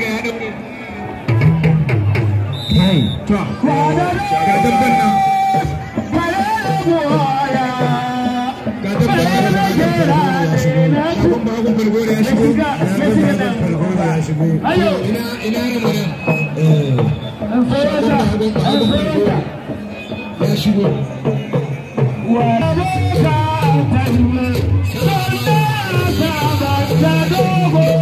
Hey, drop. Got the banana. Got the banana. Kung bago palgo na siya, palgo na siya. Ayo, ina ina mo na. Eh, ang ferota, ang ferota. Ya siya. Wa ka tanma, sa ta sa ta dogo.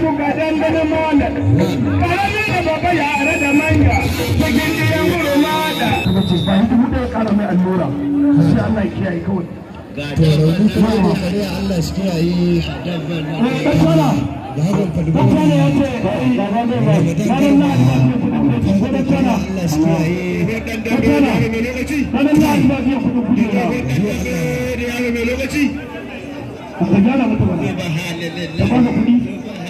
ku ga dandanin mawalar ƙarami da baba yare da manya cikin gidan guru mada kuma ce ba yi dubu ɗaya ƙara allura sai Allah ya kiyaye kawai to rauni kuma da kare Allah shi kiyaye dabban na da hakan fa ne ya ce baba ne ba ranar na da tana Allah shi kiyaye dan da ne lokaci da ne da ya mai lokaci da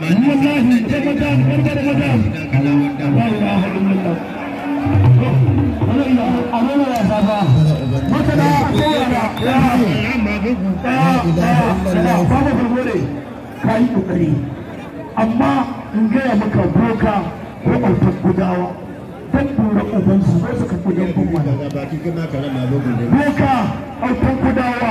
wallahi ke madam barka da madam kokari amma in gaya maka boka ko autar gudawa dan tura ubansu sai suka kudan kuma boka autar gudawa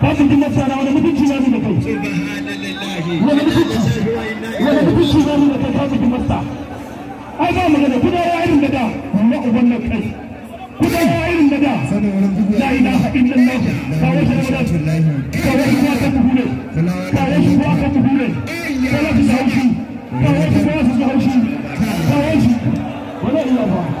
ba su dinga tsara wani mutunci ya da kai wani mutunci wani mutunci ya da kai ba su dinga ai ba magana kuda ya irin da da na uban kai kuda ya irin da da la ilaha illallah ba wata da wata ka tuhu ne wata kuwa ka tuhu ne ba wata da haushi ba wata kuwa su haushi ba wata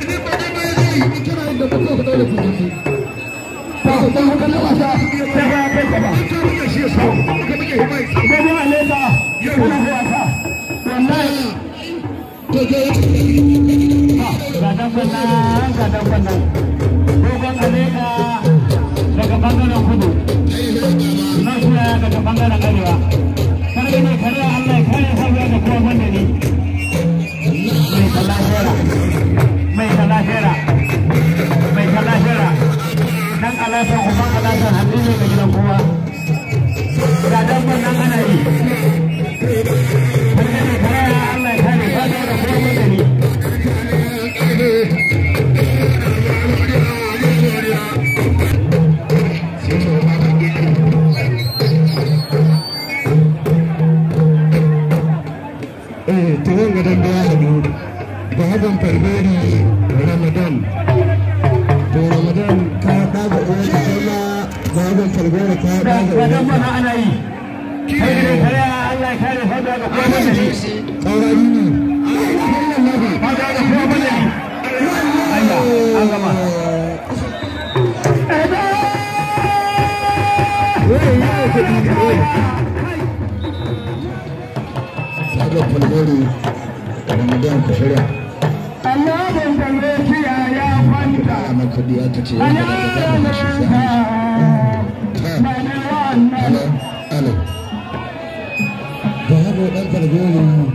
ku fito da ta ta ba ko ko ko daga bangaren arewa karbe ne kare da kowa ne mai san uban alasan hannu ne ga gidan kowa ga dan nan ana yi Eh, tuhan gadang dia aduh. Bahagian perbedaan. Sabon falgari Ramadan ka shirya. Allah ya kwanta. Ana kudi ta ya da shi hello. مبروك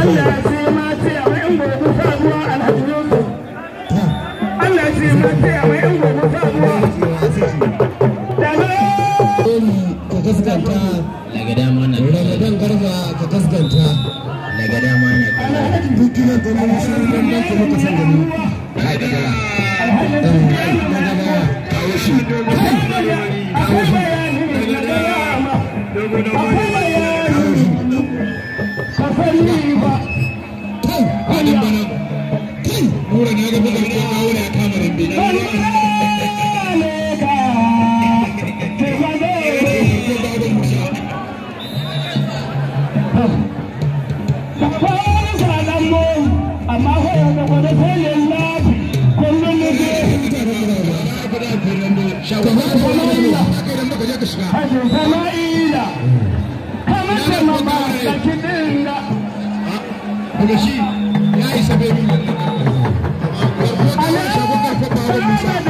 Allah ya ce ma ce a mai Allah ma daga dama na da halin bana kai nura na ga bugar ko kawo da kama rambe na amma da kwanu da mamba da kidin da Aliás, Abubakar Fatawa Musa.